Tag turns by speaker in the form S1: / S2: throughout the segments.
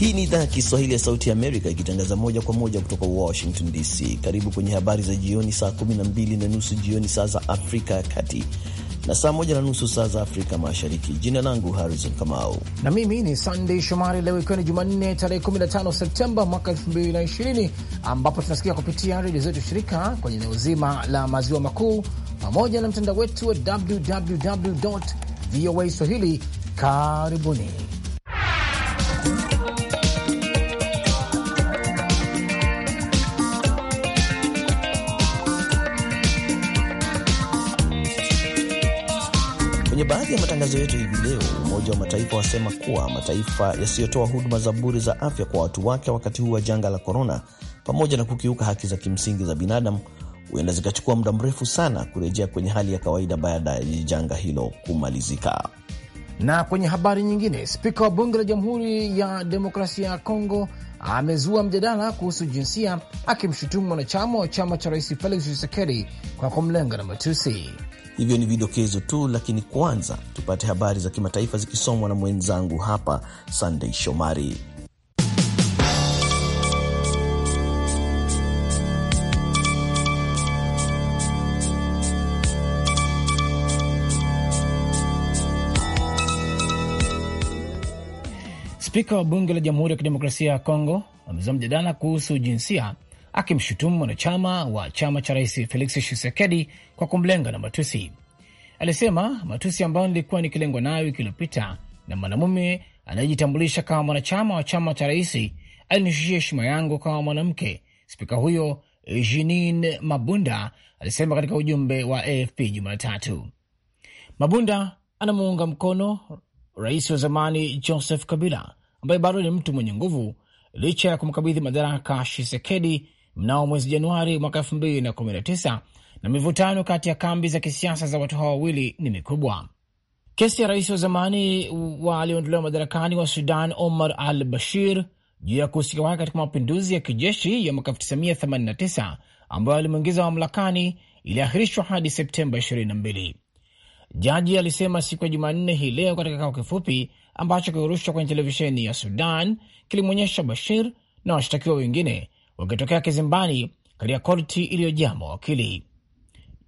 S1: Hii ni idhaa ya Kiswahili ya Sauti ya Amerika ikitangaza moja kwa moja kutoka Washington DC. Karibu kwenye habari za jioni, saa 12 na nusu jioni saa za Afrika ya Kati na saa moja na nusu saa za Afrika Mashariki. Jina langu Harrison Kamau
S2: na mimi ni Sandey Shomari. Leo ikiwa ni Jumanne tarehe 15 Septemba mwaka 2020 ambapo tunasikia kupitia redio zetu shirika kwenye eneo zima la maziwa makuu pamoja na mtandao wetu wa www voa swahili. Karibuni.
S1: baadhi ya matangazo yetu hivi leo, Umoja wa Mataifa wasema kuwa mataifa yasiyotoa huduma za bure za afya kwa watu wake wakati huu wa janga la korona, pamoja na kukiuka haki za kimsingi za binadamu, huenda zikachukua muda mrefu sana kurejea kwenye hali ya kawaida baada ya janga hilo kumalizika. Na kwenye habari
S2: nyingine, spika wa bunge la Jamhuri ya Demokrasia ya Kongo amezua mjadala kuhusu jinsia, akimshutumu mwanachama wa chama cha rais Felix Tshisekedi kwa kumlenga na
S1: matusi. Hivyo ni vidokezo tu, lakini kwanza tupate habari za kimataifa zikisomwa na mwenzangu hapa sandey Shomari.
S2: Spika wa bunge la Jamhuri ya Kidemokrasia ya Kongo amezua mjadala kuhusu jinsia akimshutumu mwanachama wa chama cha rais Felix Tshisekedi kwa kumlenga na matusi. Alisema matusi ambayo nilikuwa nikilengwa nayo wiki iliyopita na mwanamume anayejitambulisha kama mwanachama wa chama cha rais alinishushia heshima yangu kama mwanamke, spika huyo Jeanine Mabunda alisema katika ujumbe wa AFP Jumatatu. Mabunda anamuunga mkono rais wa zamani Joseph Kabila ambaye bado ni mtu mwenye nguvu licha ya kumkabidhi madaraka Shisekedi mnao mwezi Januari mwaka elfu mbili na kumi na tisa na mivutano kati ya kambi za kisiasa za watu hawa wawili ni mikubwa. Kesi ya rais wa zamani wa alioondolewa madarakani wa Sudan Omar al Bashir juu ya kuhusika kwake katika mapinduzi ya kijeshi ya mwaka 1989 ambayo alimwingiza mamlakani iliahirishwa hadi Septemba 22. Jaji alisema siku ya Jumanne hii leo katika kikao kifupi ambacho kilirushwa kwenye televisheni ya Sudan kilimwonyesha Bashir na washtakiwa wengine wakitokea kizimbani katika korti iliyojaa mawakili.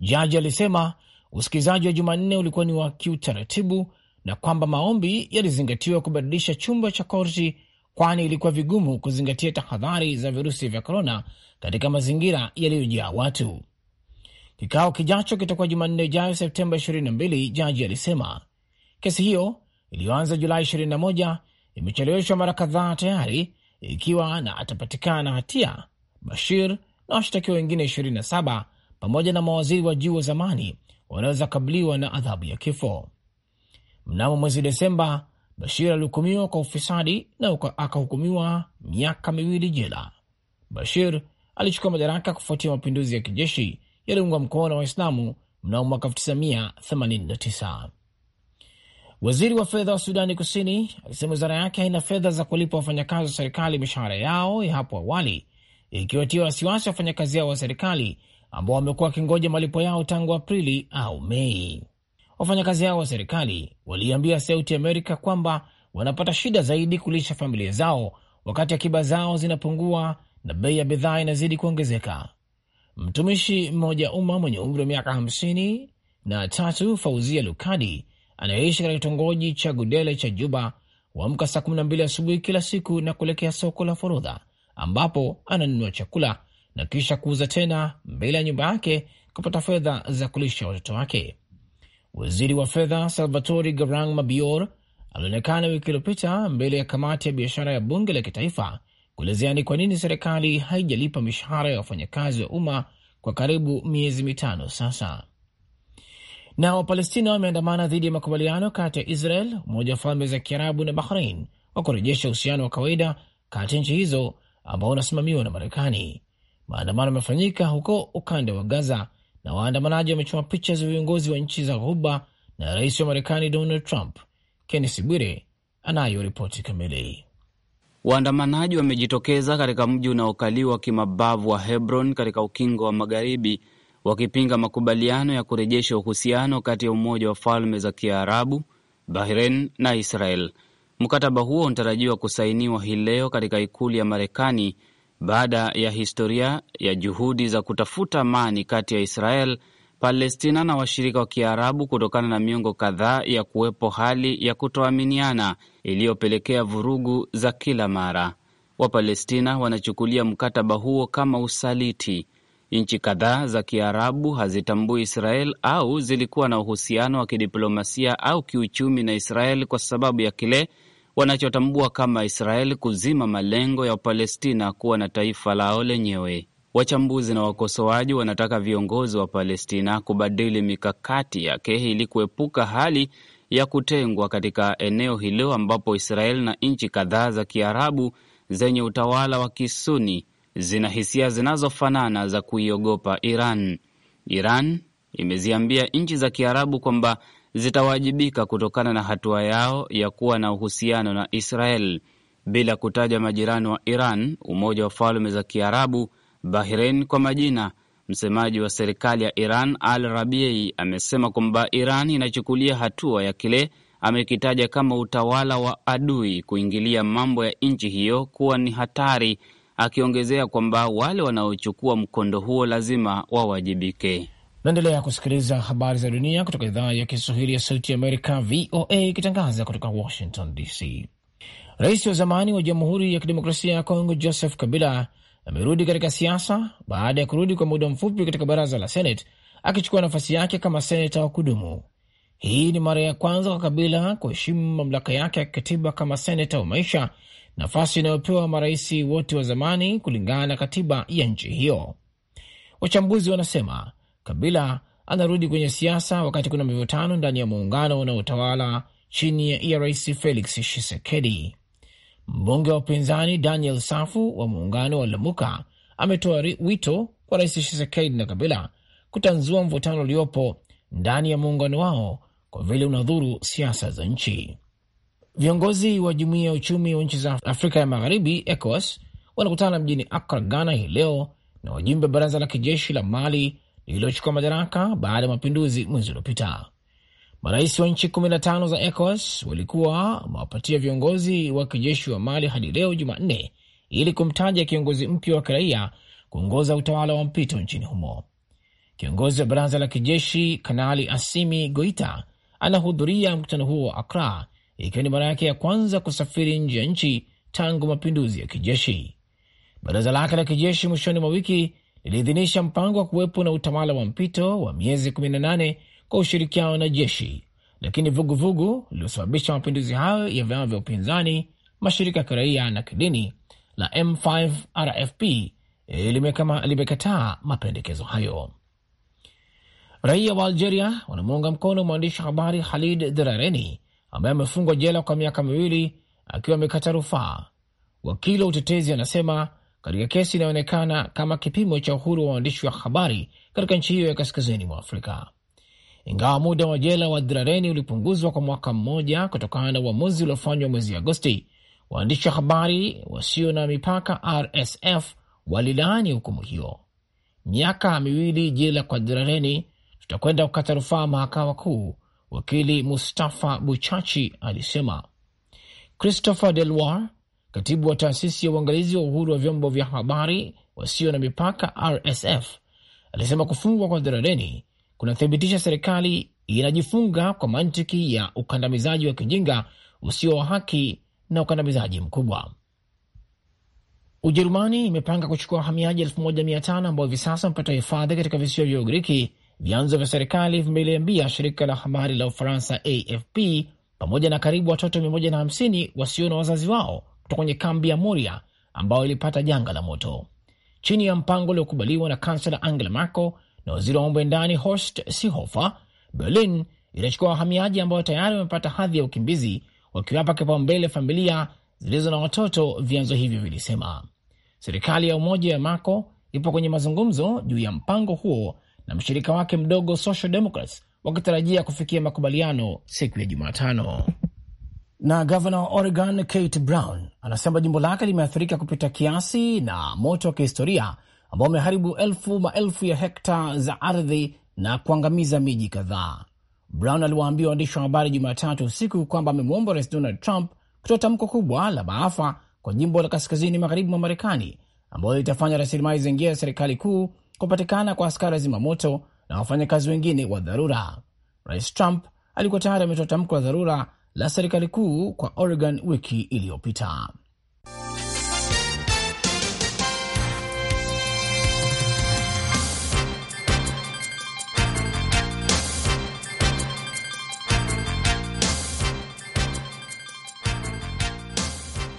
S2: Jaji alisema usikilizaji wa Jumanne ulikuwa ni wa kiutaratibu na kwamba maombi yalizingatiwa kubadilisha chumba cha korti, kwani ilikuwa vigumu kuzingatia tahadhari za virusi vya korona katika mazingira yaliyojaa watu. Kikao kijacho kitakuwa Jumanne ijayo Septemba 22, jaji alisema. Kesi hiyo iliyoanza Julai 21 imecheleweshwa mara kadhaa tayari ikiwa na atapatikana hatia, Bashir na washtakiwa wengine 27 pamoja na mawaziri wa juu wa zamani wanaweza kabiliwa na adhabu ya kifo. Mnamo mwezi Desemba, Bashir alihukumiwa kwa ufisadi na akahukumiwa miaka miwili jela. Bashir alichukua madaraka kufuatia mapinduzi ya kijeshi yaliungwa mkono na Waislamu mnamo mwaka 1989. Waziri wa fedha wa Sudani Kusini alisema wizara yake haina fedha za kulipa wafanyakazi wa serikali mishahara yao ya hapo awali, ikiwatia wasiwasi wafanyakazi hao wa serikali ambao wamekuwa wakingoja malipo yao tangu Aprili au Mei. Wafanyakazi hao wa serikali waliambia Sauti Amerika kwamba wanapata shida zaidi kulisha familia zao wakati akiba zao zinapungua na bei ya bidhaa inazidi kuongezeka. Mtumishi mmoja umma mwenye umri wa miaka hamsini na tatu Fauzia Lukadi anayeishi katika kitongoji cha Gudele cha Juba huamka saa mbili asubuhi kila siku na kuelekea soko la forodha ambapo ananunua chakula na kisha kuuza tena mbele ya nyumba yake kupata fedha za kulisha watoto wake. Waziri wa fedha Salvatori Garang Mabior alionekana wiki iliyopita mbele ya kamati ya biashara ya bunge la kitaifa kuelezea ni kwa nini serikali haijalipa mishahara ya wafanyakazi wa umma kwa karibu miezi mitano sasa. Na Wapalestina wameandamana dhidi ya makubaliano kati ya Israel, Umoja wa Falme za Kiarabu na Bahrain wa kurejesha uhusiano wa kawaida kati ya nchi hizo ambao unasimamiwa na Marekani. Maandamano yamefanyika huko ukanda wa Gaza na waandamanaji wamechoma picha za viongozi wa nchi za Ghuba na rais wa Marekani Donald Trump. Kennes Bwire anayo ripoti kamili.
S3: Waandamanaji wamejitokeza katika mji unaokaliwa kimabavu wa Hebron katika ukingo wa magharibi wakipinga makubaliano ya kurejesha uhusiano kati ya Umoja wa Falme za Kiarabu, Bahrain na Israel. Mkataba huo unatarajiwa kusainiwa hii leo katika ikulu ya Marekani baada ya historia ya juhudi za kutafuta amani kati ya Israel, Palestina na washirika wa Kiarabu kutokana na miongo kadhaa ya kuwepo hali ya kutoaminiana iliyopelekea vurugu za kila mara. Wapalestina wanachukulia mkataba huo kama usaliti. Nchi kadhaa za Kiarabu hazitambui Israel au zilikuwa na uhusiano wa kidiplomasia au kiuchumi na Israel kwa sababu ya kile wanachotambua kama Israel kuzima malengo ya Palestina kuwa na taifa lao lenyewe. Wachambuzi na wakosoaji wanataka viongozi wa Palestina kubadili mikakati yake ili kuepuka hali ya kutengwa katika eneo hilo ambapo Israel na nchi kadhaa za Kiarabu zenye utawala wa Kisuni zina hisia zinazofanana za kuiogopa Iran. Iran imeziambia nchi za Kiarabu kwamba zitawajibika kutokana na hatua yao ya kuwa na uhusiano na Israel. Bila kutaja majirani wa Iran, Umoja wa Falme za Kiarabu, Bahrein kwa majina, msemaji wa serikali ya Iran Al Rabiei amesema kwamba Iran inachukulia hatua ya kile amekitaja kama utawala wa adui kuingilia mambo ya nchi hiyo kuwa ni hatari akiongezea kwamba wale wanaochukua mkondo huo lazima wawajibike.
S2: Naendelea kusikiliza habari za dunia kutoka idhaa ya Kiswahili ya Sauti ya Amerika, VOA, ikitangaza kutoka Washington DC. Rais wa zamani wa Jamhuri ya Kidemokrasia ya Kongo Joseph Kabila amerudi katika siasa baada ya kurudi kwa muda mfupi katika baraza la Senate akichukua nafasi yake kama seneta wa kudumu. Hii ni mara ya kwanza kwa Kabila kuheshimu mamlaka yake ya kikatiba kama seneta wa maisha nafasi inayopewa marais wote wa zamani kulingana na katiba ya nchi hiyo. Wachambuzi wanasema Kabila anarudi kwenye siasa wakati kuna mivutano ndani ya muungano unaotawala chini ya Rais Felix Tshisekedi. Mbunge wa upinzani Daniel Safu wa muungano wa Lamuka ametoa wito kwa Rais Tshisekedi na Kabila kutanzua mvutano uliopo ndani ya muungano wao kwa vile unadhuru siasa za nchi. Viongozi wa jumuiya ya uchumi wa nchi za Afrika ya Magharibi, ECOWAS, wanakutana mjini Akra, Ghana hii leo na wajumbe wa baraza la kijeshi la Mali lililochukua madaraka baada ya mapinduzi mwezi uliopita. Marais wa nchi 15 za ECOWAS walikuwa wamewapatia viongozi wa kijeshi wa Mali hadi leo Jumanne ili kumtaja kiongozi mpya wa kiraia kuongoza utawala wa mpito nchini humo. Kiongozi wa baraza la kijeshi Kanali Asimi Goita anahudhuria mkutano huo wa Akra ikiwa ni mara yake ya kwanza kusafiri nje ya nchi tangu mapinduzi ya kijeshi. Baraza lake la kijeshi mwishoni mwa wiki liliidhinisha mpango wa kuwepo na utawala wa mpito wa miezi 18 kwa ushirikiano na jeshi, lakini vuguvugu lililosababisha mapinduzi hayo ya vyama vya upinzani, mashirika ya kiraia na kidini la M5 RFP eh, limekataa mapendekezo hayo. Raia wa Algeria wanamuunga mkono mwandishi wa habari Khalid Dherareni ambaye amefungwa jela kwa miaka miwili akiwa amekata rufaa. Wakili wa utetezi anasema katika kesi inayoonekana kama kipimo cha uhuru wa waandishi wa habari katika nchi hiyo ya kaskazini mwa Afrika. Ingawa muda wa jela wa Drareni ulipunguzwa kwa mwaka mmoja kutokana na uamuzi uliofanywa mwezi Agosti, waandishi wa habari wasio na mipaka RSF walilaani hukumu hiyo. Miaka miwili jela kwa Drareni, tutakwenda kukata rufaa mahakama kuu Wakili Mustafa Buchachi alisema. Christopher Delwar, katibu wa taasisi ya uangalizi wa uhuru wa vyombo vya habari wasio na mipaka RSF, alisema kufungwa kwa Darareni kunathibitisha serikali inajifunga kwa mantiki ya ukandamizaji wa kijinga usio wa haki na ukandamizaji mkubwa. Ujerumani imepanga kuchukua wahamiaji 1500 ambao hivi sasa wamepata hifadhi katika visiwa vya Ugiriki Vyanzo vya serikali vimeliambia shirika la habari la Ufaransa AFP pamoja na karibu watoto 150 wasio na wazazi wao kutoka kwenye kambi ya Moria ambayo ilipata janga la moto chini ya mpango uliokubaliwa na kansela Angela Merkel na waziri wa mambo ya ndani Horst Seehofer. Berlin inachukua wahamiaji ambao tayari wamepata hadhi ya ukimbizi, wakiwapa kipaumbele familia zilizo na watoto, vyanzo hivyo vilisema. Serikali ya umoja ya Merkel ipo kwenye mazungumzo juu ya mpango huo na mshirika wake mdogo Social Democrats wakitarajia kufikia makubaliano siku ya Jumatano. Na gavana wa Oregon Kate Brown anasema jimbo lake limeathirika kupita kiasi na moto wa kihistoria ambao umeharibu elfu maelfu ya hekta za ardhi na kuangamiza miji kadhaa. Brown aliwaambia waandishi wa habari Jumatatu usiku kwamba amemwomba Rais Donald Trump kutoa tamko kubwa la maafa kwa jimbo la kaskazini magharibi mwa Marekani, ambayo litafanya rasilimali zingia ya serikali kuu kupatikana kwa askari wa zimamoto na wafanyakazi wengine wa dharura. Rais Trump alikuwa tayari ametoa tamko la dharura la serikali kuu kwa Oregon wiki iliyopita.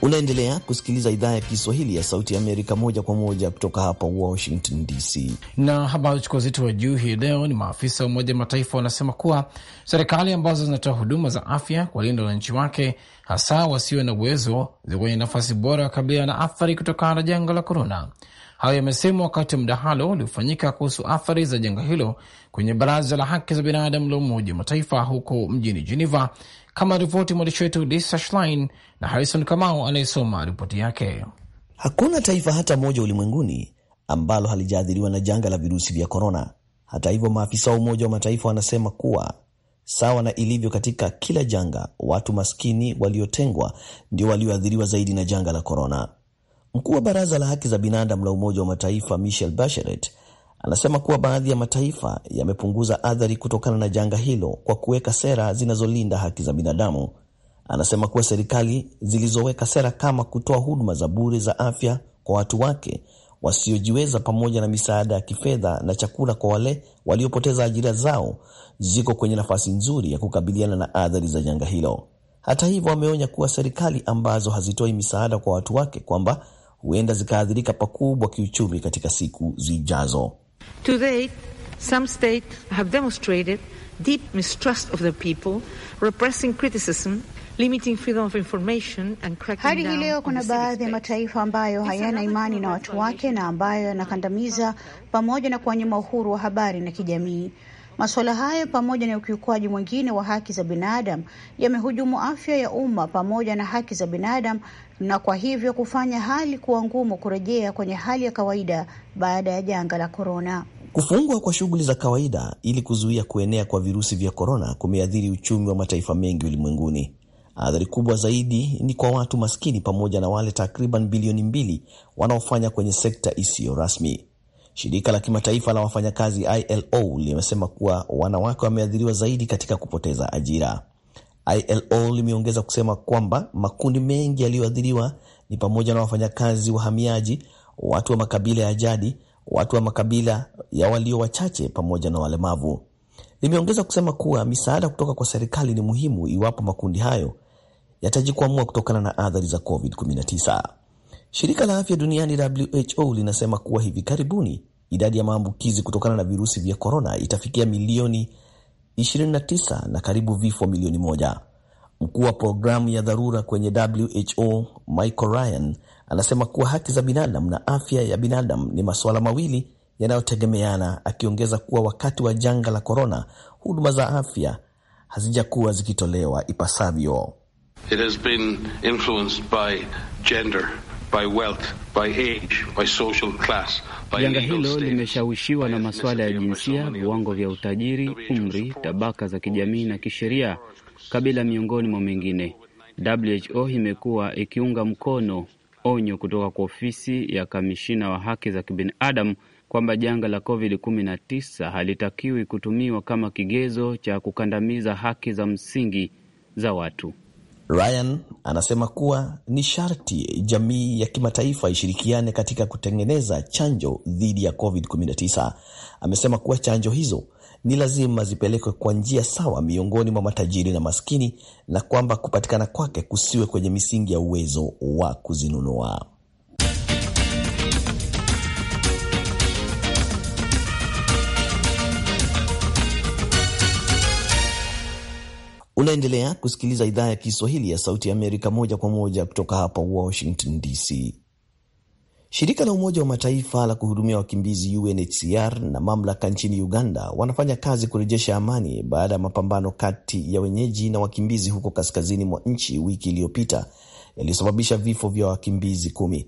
S1: Unaendelea kusikiliza idhaa ya Kiswahili ya Sauti ya Amerika moja kwa moja kutoka hapa Washington DC.
S2: Na habari chukua uzito wa juu hii leo ni maafisa wa Umoja Mataifa wanasema kuwa serikali ambazo zinatoa huduma za afya kwa linda wananchi wake, hasa wasio na uwezo, ziko kwenye nafasi bora ya na athari kutokana na janga la korona. Hayo yamesemwa wakati wa mdahalo uliofanyika kuhusu athari za janga hilo kwenye Baraza la Haki za Binadamu la Umoja Mataifa huko mjini Geneva, kama ripoti mwandishi wetu Lisa Schlein na Harrison Kamau anayesoma ripoti yake.
S1: Hakuna taifa hata moja ulimwenguni ambalo halijaathiriwa na janga la virusi vya korona. Hata hivyo, maafisa wa Umoja wa Mataifa wanasema kuwa sawa na ilivyo katika kila janga, watu maskini waliotengwa ndio walioathiriwa zaidi na janga la korona. Mkuu wa Baraza la Haki za Binadamu la Umoja wa Mataifa Michel Bachelet Anasema kuwa baadhi ya mataifa yamepunguza athari kutokana na janga hilo kwa kuweka sera zinazolinda haki za binadamu. Anasema kuwa serikali zilizoweka sera kama kutoa huduma za bure za afya kwa watu wake wasiojiweza pamoja na misaada ya kifedha na chakula kwa wale waliopoteza ajira zao ziko kwenye nafasi nzuri ya kukabiliana na athari za janga hilo. Hata hivyo, ameonya kuwa serikali ambazo hazitoi misaada kwa watu wake kwamba huenda zikaathirika pakubwa kiuchumi katika siku zijazo.
S4: To date, some states have demonstrated deep mistrust of their people, repressing criticism, limiting freedom of information and cracking hii leo kuna baadhi ya
S5: mataifa ambayo hayana imani na watu wake na ambayo yanakandamiza pamoja na kuwanyima uhuru wa habari na kijamii. Masuala hayo pamoja na ukiukwaji mwingine wa haki za binadamu yamehujumu afya ya umma pamoja na haki za binadamu na kwa hivyo kufanya hali kuwa ngumu kurejea kwenye hali ya kawaida baada ya janga la korona.
S1: Kufungwa kwa shughuli za kawaida ili kuzuia kuenea kwa virusi vya korona kumeathiri uchumi wa mataifa mengi ulimwenguni. Athari kubwa zaidi ni kwa watu maskini pamoja na wale takriban bilioni mbili wanaofanya kwenye sekta isiyo rasmi. Shirika la kimataifa la wafanyakazi ILO limesema kuwa wanawake wameathiriwa zaidi katika kupoteza ajira. ILO limeongeza kusema kwamba makundi mengi yaliyoathiriwa ni pamoja na wafanyakazi wahamiaji, watu wa makabila ya jadi, watu wa makabila ya walio wachache pamoja na walemavu. Limeongeza kusema kuwa misaada kutoka kwa serikali ni muhimu iwapo makundi hayo yatajikwamua kutokana na athari za COVID-19. Shirika la afya duniani WHO linasema kuwa hivi karibuni idadi ya maambukizi kutokana na virusi vya korona itafikia milioni 29 na karibu vifo milioni moja. Mkuu wa programu ya dharura kwenye WHO Michael Ryan anasema kuwa haki za binadamu na afya ya binadamu ni masuala mawili yanayotegemeana, akiongeza kuwa wakati wa janga la korona huduma za afya hazijakuwa zikitolewa ipasavyo.
S3: It has been influenced by gender. Janga hilo limeshawishiwa na masuala ya jinsia, viwango vya utajiri, umri, tabaka za kijamii na kisheria, kabila, miongoni mwa mengine. WHO imekuwa ikiunga mkono onyo kutoka kwa ofisi ya kamishina wa haki za kibinadamu kwamba janga la COVID-19 halitakiwi kutumiwa kama kigezo cha kukandamiza haki za msingi za watu.
S1: Ryan anasema kuwa ni sharti jamii ya kimataifa ishirikiane katika kutengeneza chanjo dhidi ya COVID-19. Amesema kuwa chanjo hizo ni lazima zipelekwe kwa njia sawa miongoni mwa matajiri na maskini na kwamba kupatikana kwake kusiwe kwenye misingi ya uwezo wa kuzinunua. Unaendelea kusikiliza idhaa ya Kiswahili ya Sauti ya Amerika moja kwa moja kutoka hapa Washington DC. Shirika la Umoja wa Mataifa la kuhudumia wakimbizi UNHCR na mamlaka nchini Uganda wanafanya kazi kurejesha amani baada ya mapambano kati ya wenyeji na wakimbizi huko kaskazini mwa nchi wiki iliyopita yaliyosababisha vifo vya wakimbizi kumi.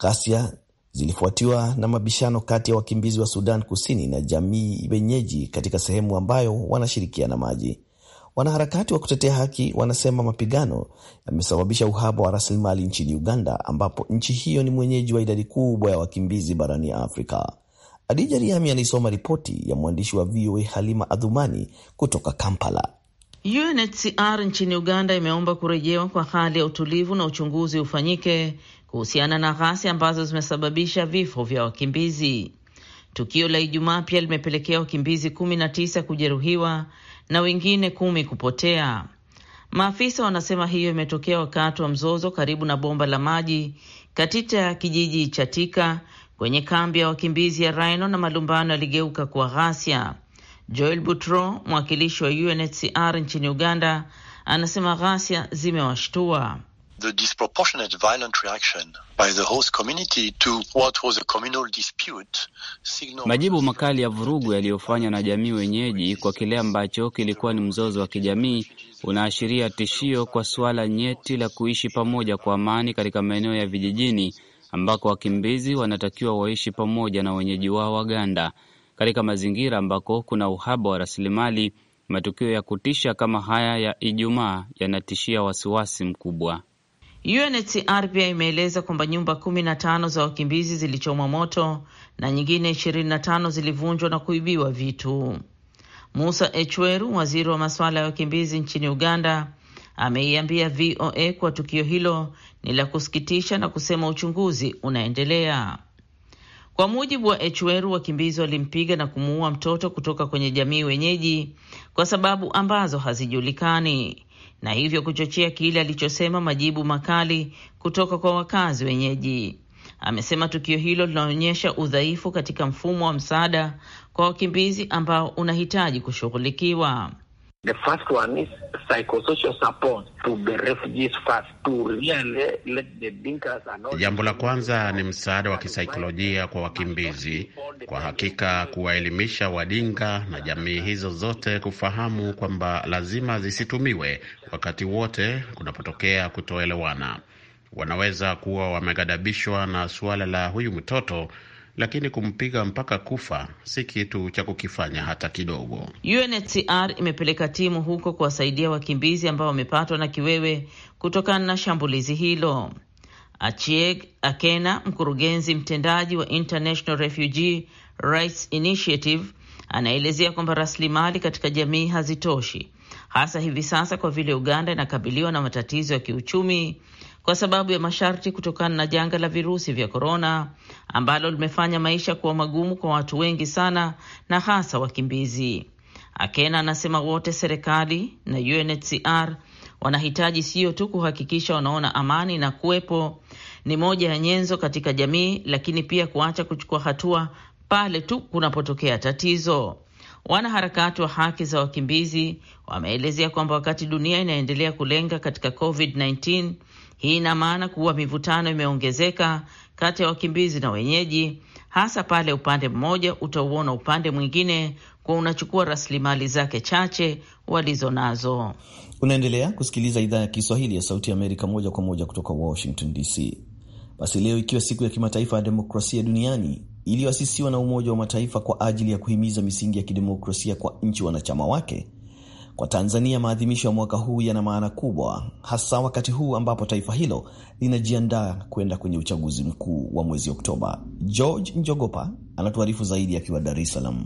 S1: Ghasia zilifuatiwa na mabishano kati ya wakimbizi wa Sudan Kusini na jamii wenyeji katika sehemu ambayo wanashirikiana maji. Wanaharakati wa kutetea haki wanasema mapigano yamesababisha uhaba wa rasilimali nchini Uganda, ambapo nchi hiyo ni mwenyeji wa idadi kubwa ya wakimbizi barani Afrika. Adija Riami anaisoma ripoti ya mwandishi wa VOA Halima Adhumani kutoka Kampala.
S4: UNHCR nchini Uganda imeomba kurejewa kwa hali ya utulivu na uchunguzi ufanyike kuhusiana na ghasia ambazo zimesababisha vifo vya wakimbizi. Tukio la Ijumaa pia limepelekea wakimbizi kumi na tisa kujeruhiwa na wengine kumi kupotea. Maafisa wanasema hiyo imetokea wakati wa mzozo karibu na bomba la maji katika kijiji cha Tika kwenye kambi ya wakimbizi ya Rhino, na malumbano yaligeuka kuwa ghasia. Joel Butro, mwakilishi wa UNHCR nchini Uganda, anasema ghasia zimewashtua
S1: the disproportionate violent reaction by the host community to what was a communal dispute
S3: signal... Majibu makali ya vurugu yaliyofanywa na jamii wenyeji kwa kile ambacho kilikuwa ni mzozo wa kijamii unaashiria tishio kwa suala nyeti la kuishi pamoja kwa amani katika maeneo ya vijijini ambako wakimbizi wanatakiwa waishi pamoja na wenyeji wao Waganda katika mazingira ambako kuna uhaba wa rasilimali. Matukio ya kutisha kama haya ya Ijumaa yanatishia wasiwasi mkubwa.
S4: UNHCR pia imeeleza kwamba nyumba 15 za wakimbizi zilichomwa moto na nyingine 25 zilivunjwa na kuibiwa vitu. Musa Echweru, waziri wa masuala ya wakimbizi nchini Uganda, ameiambia VOA kuwa tukio hilo ni la kusikitisha na kusema uchunguzi unaendelea. Kwa mujibu wa Echweru, wakimbizi walimpiga na kumuua mtoto kutoka kwenye jamii wenyeji kwa sababu ambazo hazijulikani na hivyo kuchochea kile alichosema majibu makali kutoka kwa wakazi wenyeji. Amesema tukio hilo linaonyesha udhaifu katika mfumo wa msaada kwa wakimbizi ambao unahitaji kushughulikiwa.
S1: The first one is psychosocial support to the refugees first, to really let the thinkers and
S6: all. Jambo la kwanza ni msaada wa kisaikolojia kwa wakimbizi, kwa hakika kuwaelimisha Wadinga na jamii hizo zote kufahamu kwamba lazima zisitumiwe wakati wote kunapotokea kutoelewana. Wanaweza kuwa wamegadabishwa na suala la huyu mtoto lakini kumpiga mpaka kufa si kitu cha kukifanya hata kidogo.
S4: UNHCR imepeleka timu huko kuwasaidia wakimbizi ambao wamepatwa na kiwewe kutokana na shambulizi hilo. achieg Akena, mkurugenzi mtendaji wa International Refugee Rights Initiative, anaelezea kwamba rasilimali katika jamii hazitoshi hasa hivi sasa, kwa vile Uganda inakabiliwa na matatizo ya kiuchumi kwa sababu ya masharti kutokana na janga la virusi vya korona ambalo limefanya maisha kuwa magumu kwa watu wengi sana na hasa wakimbizi. Akena anasema wote, serikali na UNHCR wanahitaji siyo tu kuhakikisha wanaona amani na kuwepo ni moja ya nyenzo katika jamii, lakini pia kuacha kuchukua hatua pale tu kunapotokea tatizo. Wanaharakati wa haki za wakimbizi wameelezea kwamba wakati dunia inaendelea kulenga katika COVID-19, hii ina maana kuwa mivutano imeongezeka kati ya wakimbizi na wenyeji, hasa pale upande mmoja utauona upande mwingine kuwa unachukua rasilimali zake chache walizo nazo.
S1: Unaendelea kusikiliza idhaa ya Kiswahili ya Sauti ya Amerika moja kwa moja kutoka Washington DC. Basi leo ikiwa siku ya kimataifa ya demokrasia duniani iliyoasisiwa na Umoja wa Mataifa kwa ajili ya kuhimiza misingi ya kidemokrasia kwa nchi wanachama wake, kwa Tanzania, maadhimisho ya mwaka huu yana maana kubwa, hasa wakati huu ambapo taifa hilo linajiandaa kwenda kwenye uchaguzi mkuu wa mwezi Oktoba. George Njogopa anatuarifu zaidi akiwa Dar es Salaam.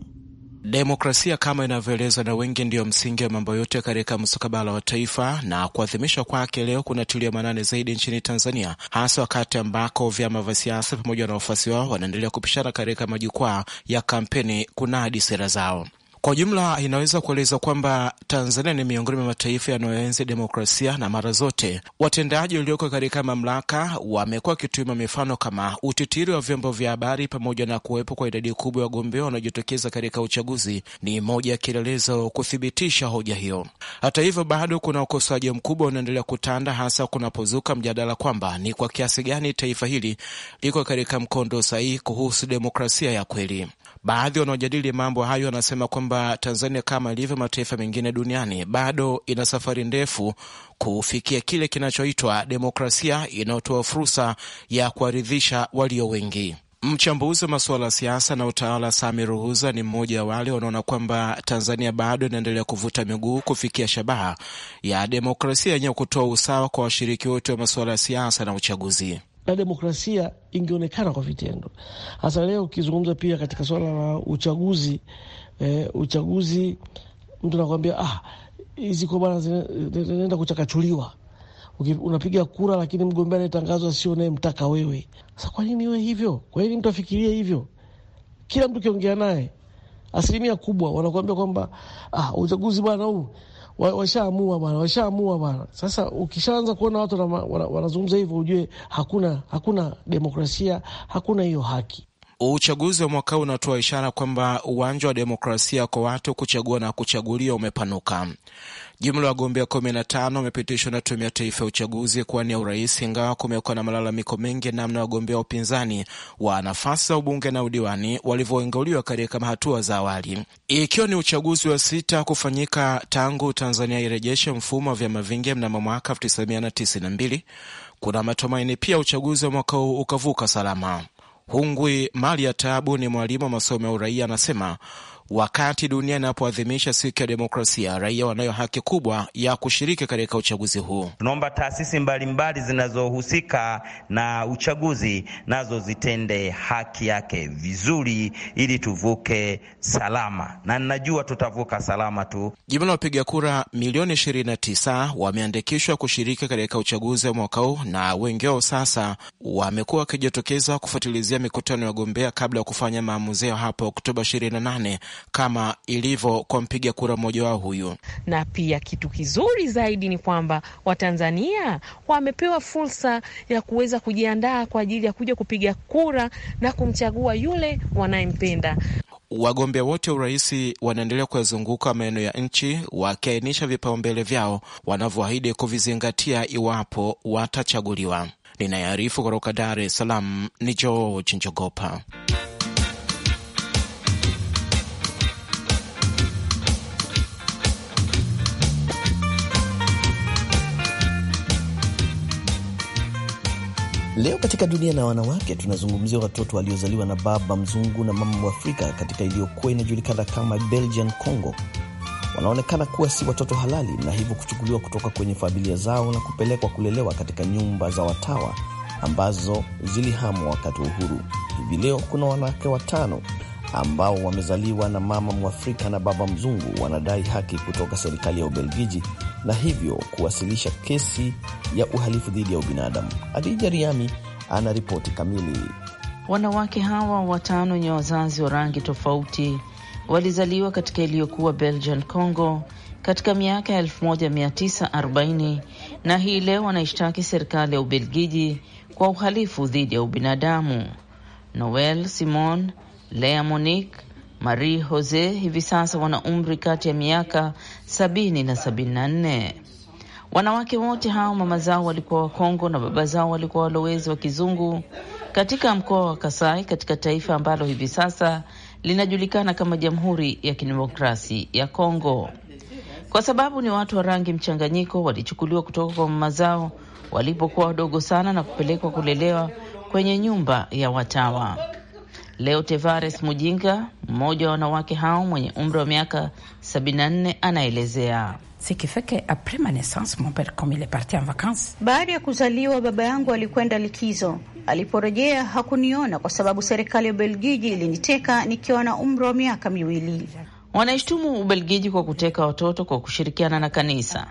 S6: Demokrasia kama inavyoelezwa na wengi ndiyo msingi wa mambo yote katika mustakabala wa taifa, na kuadhimishwa kwake leo kunatilia manane zaidi nchini Tanzania, hasa wakati ambako vyama vya siasa pamoja na wafuasi wao wanaendelea kupishana katika majukwaa ya kampeni kunadi sera zao. Kwa jumla inaweza kueleza kwamba Tanzania ni miongoni mwa mataifa yanayoenzi demokrasia na mara zote watendaji walioko katika mamlaka wamekuwa wakitumia mifano kama utitiri wa vyombo vya habari pamoja na kuwepo kwa idadi kubwa ya wagombea wanaojitokeza katika uchaguzi ni moja ya kielelezo kuthibitisha hoja hiyo. Hata hivyo, bado kuna ukosoaji mkubwa unaendelea kutanda, hasa kunapozuka mjadala kwamba ni kwa kiasi gani taifa hili liko katika mkondo sahihi kuhusu demokrasia ya kweli. Baadhi wanaojadili mambo hayo wanasema kwamba kwamba Tanzania kama ilivyo mataifa mengine duniani bado ina safari ndefu kufikia kile kinachoitwa demokrasia inayotoa fursa ya kuwaridhisha walio wengi. Mchambuzi wa masuala ya siasa na utawala Sami Ruhuza ni mmoja wa wale wanaona kwamba Tanzania bado inaendelea kuvuta miguu kufikia shabaha ya demokrasia yenye kutoa usawa kwa washiriki wote wa masuala ya siasa na uchaguzi na demokrasia ingeonekana kwa vitendo. Hasa leo ukizungumza pia katika suala la uchaguzi eh, uchaguzi mtu anakuambia ah, hizi kwa bwana zinaenda kuchakachuliwa. Unapiga kura, lakini mgombea anayetangazwa sio naye mtaka wewe. Sasa kwa nini iwe hivyo? Kwa nini mtu afikirie hivyo? Kila mtu ukiongea naye, asilimia kubwa wanakuambia kwamba ah, uchaguzi bwana huu washaamua bwana, washaamua bwana. Sasa ukishaanza kuona watu wanazungumza hivyo, ujue hakuna hakuna demokrasia, hakuna hiyo haki.
S1: Uchaguzi
S6: wa mwaka huu unatoa ishara kwamba uwanja wa demokrasia kwa watu kuchagua na kuchaguliwa umepanuka. Jumla ya wagombea 15 wamepitishwa na tume ya taifa ya uchaguzi kuwania urais, ingawa kumekuwa na malalamiko mengi namna wagombea wa upinzani wa nafasi za ubunge na udiwani walivyoingauliwa katika hatua za awali, ikiwa ni uchaguzi wa sita kufanyika tangu Tanzania irejeshe mfumo wa vyama vingi mnamo mwaka 1992. Kuna matumaini pia uchaguzi wa mwaka huu ukavuka salama. Hungwi Mali ya Taabu ni mwalimu wa masomo ya uraia, anasema wakati dunia inapoadhimisha siku ya demokrasia, raia wanayo haki kubwa ya kushiriki katika uchaguzi huu. Tunaomba taasisi mbalimbali zinazohusika na uchaguzi nazo zitende haki yake vizuri, ili tuvuke salama, na ninajua tutavuka salama tu. Jumla wapiga kura milioni 29 wameandikishwa kushiriki katika uchaguzi wa mwaka huu, na wengi wao sasa wamekuwa wakijitokeza kufuatilizia mikutano ya wagombea kabla ya kufanya maamuzi yao hapo Oktoba 28 kama ilivyo kwa mpiga kura mmoja wao huyu.
S4: Na pia kitu kizuri zaidi ni kwamba Watanzania wamepewa fursa ya kuweza kujiandaa kwa ajili ya kuja kupiga kura na kumchagua yule wanayempenda.
S6: Wagombea wote urais wanaendelea kuyazunguka maeneo ya nchi wakiainisha vipaumbele vyao wanavyoahidi kuvizingatia iwapo watachaguliwa. Ninayearifu kutoka Dar es Salaam ni George Njogopa.
S1: Leo katika dunia na wanawake, tunazungumzia watoto waliozaliwa na baba mzungu na mama mwafrika katika iliyokuwa inajulikana kama Belgian Congo. Wanaonekana kuwa si watoto halali na hivyo kuchukuliwa kutoka kwenye familia zao na kupelekwa kulelewa katika nyumba za watawa ambazo zilihamwa wakati wa uhuru. Hivi leo kuna wanawake watano ambao wamezaliwa na mama mwafrika na baba mzungu, wanadai haki kutoka serikali ya Ubelgiji na hivyo kuwasilisha kesi ya uhalifu dhidi ya ubinadamu. Adija Riami ana ripoti kamili.
S4: Wanawake hawa watano wenye wazazi wa rangi tofauti walizaliwa katika iliyokuwa Belgian Congo katika miaka ya 1940 na hii leo wanaishtaki serikali ya Ubelgiji kwa uhalifu dhidi ya ubinadamu. Noel Simon, Lea Monique, Marie Jose hivi sasa wana umri kati ya miaka sabini na sabini na nne. Wanawake wote hao mama zao walikuwa Wakongo na baba zao walikuwa walowezi wa kizungu katika mkoa wa Kasai katika taifa ambalo hivi sasa linajulikana kama Jamhuri ya Kidemokrasi ya Kongo. Kwa sababu ni watu wa rangi mchanganyiko, walichukuliwa kutoka kwa mama zao walipokuwa wadogo sana na kupelekwa kulelewa kwenye nyumba ya watawa. Leo Tevares Mujinga, mmoja wa wanawake hao mwenye umri wa miaka 74, anaelezea baada ya kuzaliwa
S5: baba yangu alikwenda likizo. Aliporejea hakuniona kwa sababu serikali ya Ubelgiji iliniteka nikiwa na umri wa miaka miwili.
S4: Wanaishtumu Ubelgiji kwa kuteka watoto kwa kushirikiana na kanisa.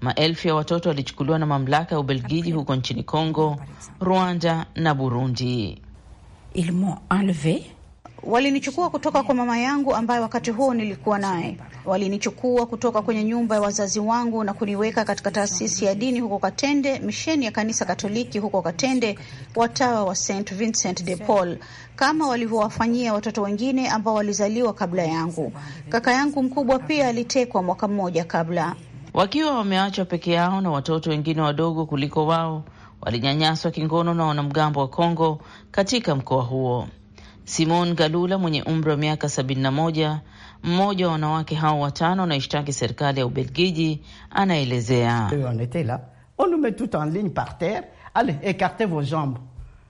S4: Maelfu ya watoto walichukuliwa na mamlaka ya Ubelgiji huko nchini Kongo, Rwanda na Burundi ils m'ont enlevé
S5: Walinichukua kutoka kwa mama yangu ambaye wakati huo nilikuwa naye. Walinichukua kutoka kwenye nyumba ya wazazi wangu na kuniweka katika taasisi ya dini huko Katende, misheni ya kanisa Katoliki huko Katende, watawa wa St Vincent de Paul, kama walivyowafanyia watoto wengine ambao walizaliwa kabla yangu. Kaka yangu mkubwa pia alitekwa mwaka mmoja kabla.
S4: Wakiwa wameachwa peke yao na watoto wengine wadogo kuliko wao, walinyanyaswa kingono na wanamgambo wa Kongo katika mkoa huo. Simon Galula mwenye umri wa miaka 71, mmoja wa wanawake hao watano anaishtaki serikali ya Ubelgiji, anaelezea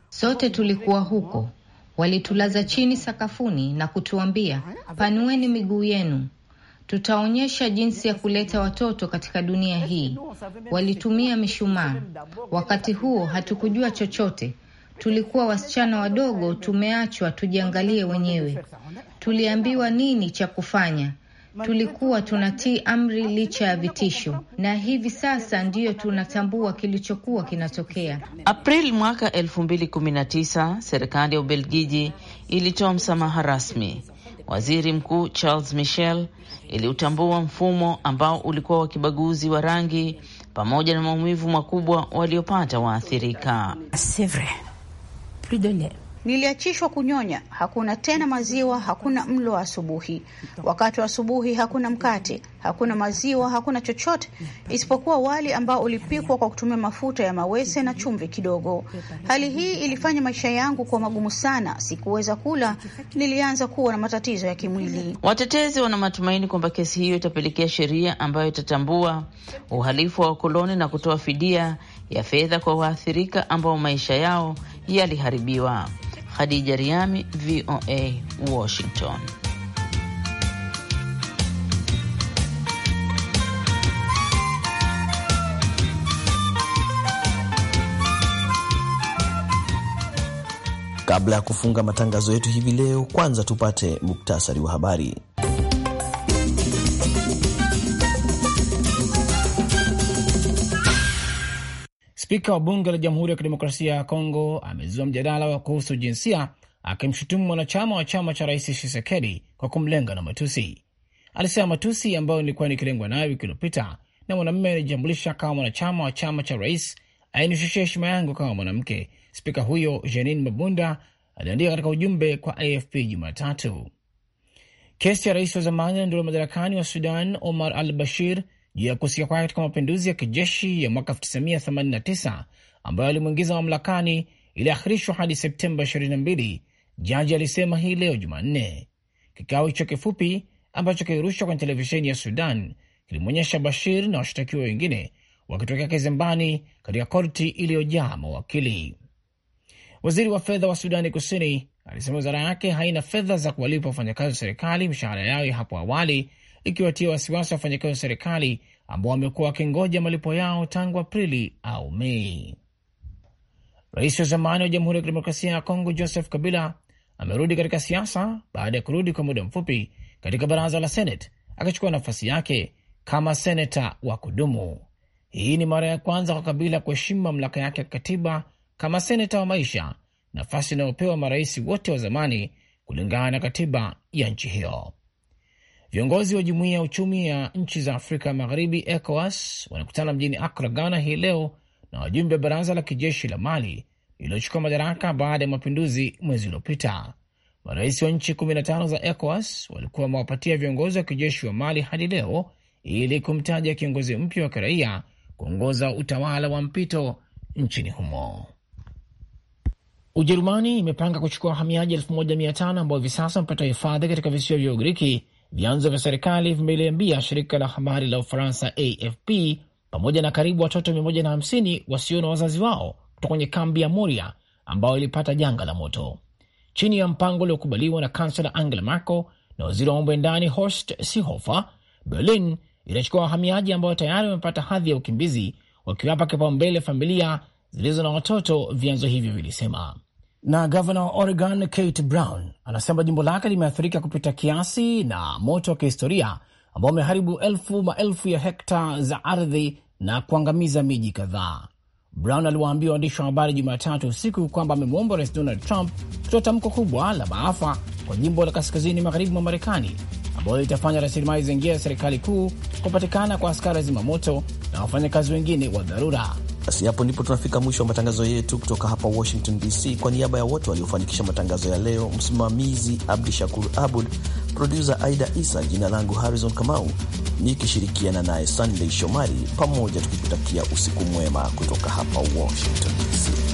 S4: sote tulikuwa huko, walitulaza chini sakafuni na kutuambia panueni miguu yenu Tutaonyesha jinsi ya kuleta watoto katika dunia hii. Walitumia mishumaa, wakati huo hatukujua chochote, tulikuwa wasichana wadogo, tumeachwa tujiangalie wenyewe. Tuliambiwa nini cha kufanya? Tulikuwa tunatii amri licha ya vitisho, na hivi sasa ndiyo tunatambua kilichokuwa kinatokea. Aprili mwaka 2019 serikali ya Ubelgiji ilitoa msamaha rasmi waziri mkuu Charles Michel iliutambua mfumo ambao ulikuwa wa kibaguzi wa rangi pamoja na maumivu makubwa waliopata waathirika. Ah,
S5: Niliachishwa kunyonya, hakuna tena maziwa, hakuna mlo wa asubuhi. Wakati wa asubuhi hakuna mkate, hakuna maziwa, hakuna chochote isipokuwa wali ambao ulipikwa kwa kutumia mafuta ya mawese na chumvi kidogo. Hali hii ilifanya maisha yangu kuwa magumu sana, sikuweza kula, nilianza kuwa na matatizo ya kimwili.
S4: Watetezi wana matumaini kwamba kesi hiyo itapelekea sheria ambayo itatambua uhalifu wa wakoloni na kutoa fidia ya fedha kwa waathirika ambao maisha yao yaliharibiwa. Khadija Riami, VOA Washington.
S1: Kabla ya kufunga matangazo yetu hivi leo, kwanza tupate muktasari wa habari. Spika wa bunge la
S2: Jamhuri ya Kidemokrasia ya Kongo amezua mjadala wa kuhusu jinsia, akimshutumu mwanachama wa chama cha Rais Tshisekedi kwa kumlenga na matusi. Alisema matusi ambayo ilikuwa nikilengwa nayo wiki iliyopita na mwanamume anajitambulisha kama mwanachama wa chama cha rais ainishushia heshima yangu kama mwanamke. Spika huyo Janine Mabunda aliandika katika ujumbe kwa AFP Jumatatu. Kesi ya rais wa zamani na madarakani wa Sudan Omar al Bashir juu ya kuhusika kwake katika mapinduzi ya kijeshi ya mwaka 1989 ambayo alimwingiza mamlakani iliahirishwa hadi Septemba 22, jaji alisema hii leo Jumanne. Kikao hicho kifupi ambacho kilirushwa kwenye televisheni ya Sudan kilimwonyesha Bashir na washtakiwa wengine wakitokea kizimbani katika korti iliyojaa mawakili. Waziri wa fedha wa Sudani Kusini alisema wizara yake haina fedha za kuwalipa wafanyakazi wa serikali mishahara yao ya hapo awali ikiwatia wasiwasi wafanyakazi wa serikali ambao wamekuwa wakingoja malipo yao tangu Aprili au Mei. Rais wa zamani wa Jamhuri ya Kidemokrasia ya Kongo Joseph Kabila amerudi katika siasa baada ya kurudi kwa muda mfupi katika baraza la Senate akichukua nafasi yake kama seneta wa kudumu. Hii ni mara ya kwanza kwa Kabila kuheshimu mamlaka yake ya kikatiba kama seneta wa maisha, nafasi inayopewa marais wote wa zamani kulingana na katiba ya nchi hiyo. Viongozi wa jumuiya ya uchumi ya nchi za Afrika Magharibi, ECOWAS, wanakutana mjini Akra, Ghana hii leo na wajumbe wa baraza la kijeshi la Mali lililochukua madaraka baada ya mapinduzi mwezi uliopita. Marais wa nchi 15 za ECOWAS walikuwa wamewapatia viongozi wa kijeshi wa Mali hadi leo ili kumtaja kiongozi mpya wa kiraia kuongoza utawala wa mpito nchini humo. Ujerumani imepanga kuchukua wahamiaji 1500 ambao hivi sasa wamepata hifadhi katika visiwa vya Ugiriki Vyanzo vya serikali vimeliambia shirika la habari la Ufaransa AFP pamoja na karibu watoto 150 wasio na wazazi wao kutoka kwenye kambi ya Moria ambao ilipata janga la moto chini ya mpango uliokubaliwa na kansela Angela Merkel na waziri wa mambo ya ndani Horst Seehofer. Berlin inachukua wahamiaji ambao tayari wamepata hadhi ya ukimbizi, wakiwapa kipaumbele familia zilizo na watoto, vyanzo hivyo vilisema. Na gavana wa Oregon Kate Brown anasema jimbo lake limeathirika kupita kiasi na moto wa kihistoria ambao umeharibu elfu maelfu ya hekta za ardhi na kuangamiza miji kadhaa. Brown aliwaambia waandishi wa habari Jumatatu usiku kwamba amemwomba Rais Donald Trump kutoa tamko kubwa la maafa kwa jimbo la kaskazini magharibi mwa Marekani ambayo litafanya rasilimali zingia ya serikali kuu kupatikana kwa askari zimamoto na wafanyakazi wengine wa dharura.
S1: Basi hapo ndipo tunafika mwisho wa matangazo yetu kutoka hapa Washington DC. Kwa niaba ya wote waliofanikisha matangazo ya leo, msimamizi Abdi Shakur Abud, produsa Aida Isa, jina langu Harrison Kamau nikishirikiana naye sandey Shomari, pamoja tukikutakia usiku mwema kutoka hapa Washington DC.